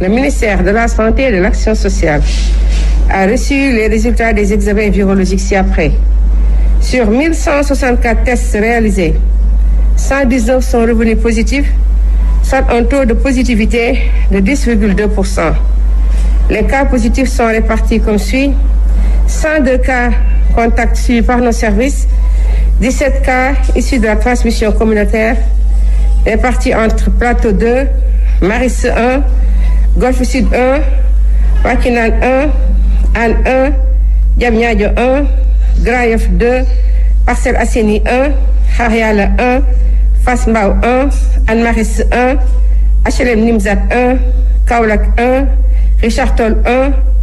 le ministère de la Santé et de l'Action sociale a reçu les résultats des examens virologiques ci-après. Sur 1164 tests réalisés, 119 sont revenus positifs, soit un taux de positivité de 10,2%. Les cas positifs sont répartis comme suit: 102 cas contacts suivis par nos services, 17 cas issus de la transmission communautaire répartis entre Plateau 2, Maristes 1 Golf Sud 1 Wakinaan 1 Hann 1 Diamniadio 1 Grand Yoff 2 Parcelles Assainies Nimzat 1 Kaolack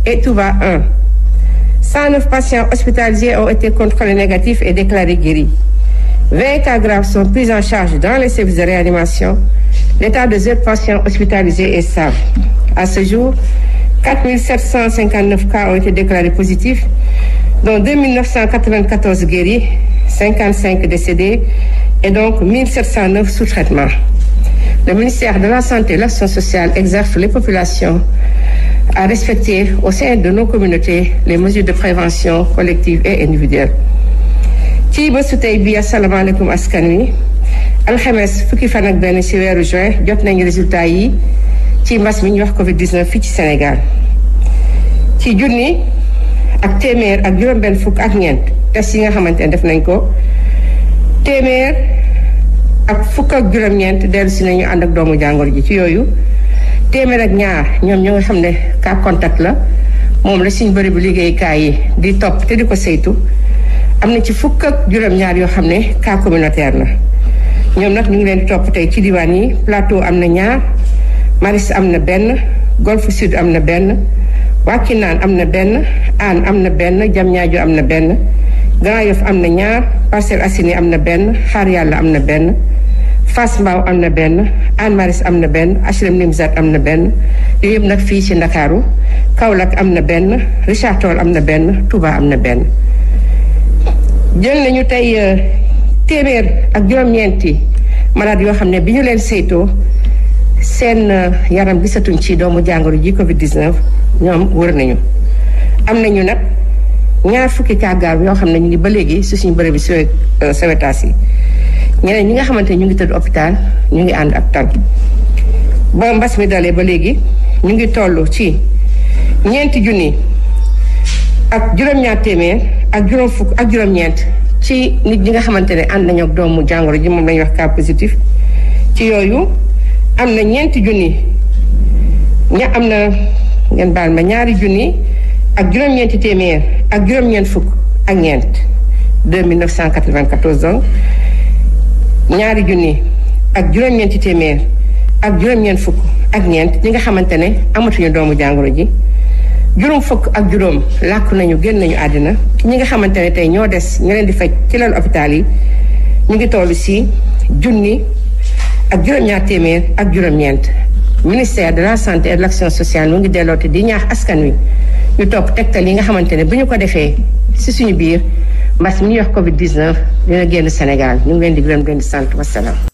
et Touba patients hospitalisés ont été contrôlés négatifs et déclarés guéris 20 cas sont pris en charge dans les services de réanimation. L'état de zéro patient hospitalisé est stable. À ce jour, 4 759 cas ont été déclarés positifs, dont 2 994 guéris, 55 décédés et donc 1709 sous traitement. Le ministère de la Santé et de sociale exerce les populations à respecter au de nos communautés les mesures de prévention collective et individuelle. ci bésu tey bii asalaamaaleykum askan wi alxames fukki fan ak benn ci weeru juin jot nañu résultat yi ci mbas mi ñuy wax Covid 19 fii ci Sénégal ci junni ak téeméer ak juróom-benn fukk ak ñeent test yi nga xamante ne def nañ ko téeméer ak fukk ak juróom-ñeent dellu si nañu ànd ak doomu jàngoro ji ci yooyu téeméer ak ñaar ñoom ñoo nga xam ne cas contact la moom la suñ bëri bu liggéeykaay yi di topp te di ko saytu am na ci fukk ak juróom-ñaar yoo xam ne cas communautaire la ñoom nag ñu ngi leen topp tey ci diwaan yi plateau am na ñaar. Maris am na benn Golf Sud am na benn Wakinaan am na benn Hann am na benn Diamniadio am na benn Grand Yoff am na ñaar Parcelles Assainies am na benn Xaar Yàlla am na benn Fass Mbao am na benn Hann Maristes am na benn HLM Nimzat am na benn yooyu nag fii ci Ndakaaru kawlak am na benn Richard Toll am na benn Touba am na benn jël nañu tey téeméer ak juróom-ñeenti malade yoo xam ne bi ñu leen saytoo seen uh, yaram gisatuñ ci doomu jàngoro ji Covid 19 ñoom wër nañu. am nañu nag ñaar fukki cas grave yoo xam ne ñu ngi ba léegi si suñu bërëb yi uh, sewetaas yi ñeneen ñi nga xamante ñu ngi tëdd hôpital ñu ngi ànd ak tan ba mbas mi dalee ba léegi ñu ngi toll ci ñeenti junni ak juróom-ñaar téeméer ak juróom fukk ak juróom-ñeent ci nit ñi nga xamante ne ànd nañu ak doomu jàngoro ji moom lañuy wax cas positif ci yooyu am na ñeenti junni ña am na ngeen baal ma ñaari junni ak juróom-ñeenti téeméer ak juróom fukk ak ñeent 2994 donc ñaari junni ak juróom-ñeenti téeméer ak juróom fukk ak ñeent ñi nga xamante ne amatuñu doomu jàngoro ji juróom fukk ak juróom làkk nañu génn nañu àddina ñi nga xamante ne tey ñoo des ñu leen di faj ci leen hôpital yi ñu ngi toll si junni ak juróom-ñaar téeméer ak juróom-ñeent ministère de la santé et de l'action sociale mu ngi delloo delloote di ñaax askan wi ñu topp tegtal yi nga xamante ne bu ñu ko defee ci suñu biir mbas mi ñuy wax Covid 19 dina génn Sénégal mu ngi leen di gërëm di sant wasalaam.